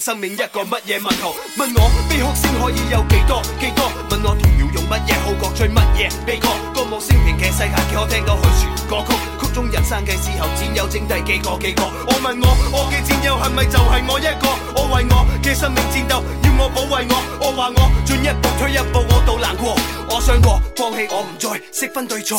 生命一個乜嘢問號？問我悲哭先可以有幾多？幾多？問我鴕鳥用乜嘢好過追乜嘢？悲歌。歌舞升平嘅世界，幾可聽到去全歌曲，曲中人生嘅時候，只有剩低幾個？幾個？我問我，我嘅戰友係咪就係我一個？我為我嘅生命戰鬥，要我保衞我。我話我進一步退一步，我倒難過，我想過，放棄我唔再識分對錯。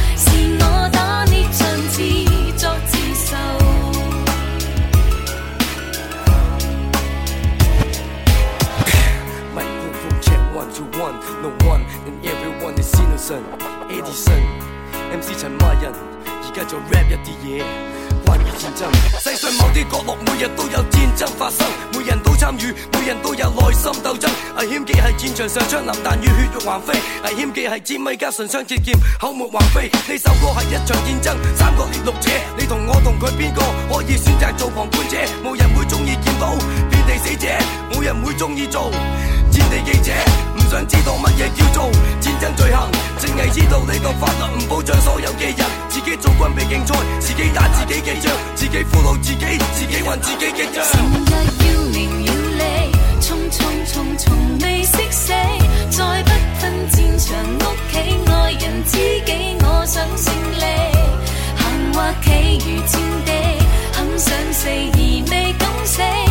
以前罵人，而家就 rap 一啲嘢關於戰爭。世上某啲角落，每日都有戰爭發生，每人都參與，每人都有內心鬥爭。危險嘅係戰場上槍林彈雨，血肉橫飛；危險嘅係尖銳加唇槍舌劍，口沫橫飛。呢首歌係一場戰爭，三個記錄者，你同我同佢邊個可以選擇做旁觀者？冇人會鍾意見到，遍地死者，冇人會鍾意做戰地記者。想知道乜嘢叫做戰爭罪行？淨係知道你個法律唔保障所有嘅人，自己做軍備競賽，自己打自己嘅仗，自己俘虜自己，自己還自己嘅帳。成日要名要利，匆匆匆從未識死，再不分戰場屋企愛人知己，我想勝利，行或企如戰地，很想死而未敢死。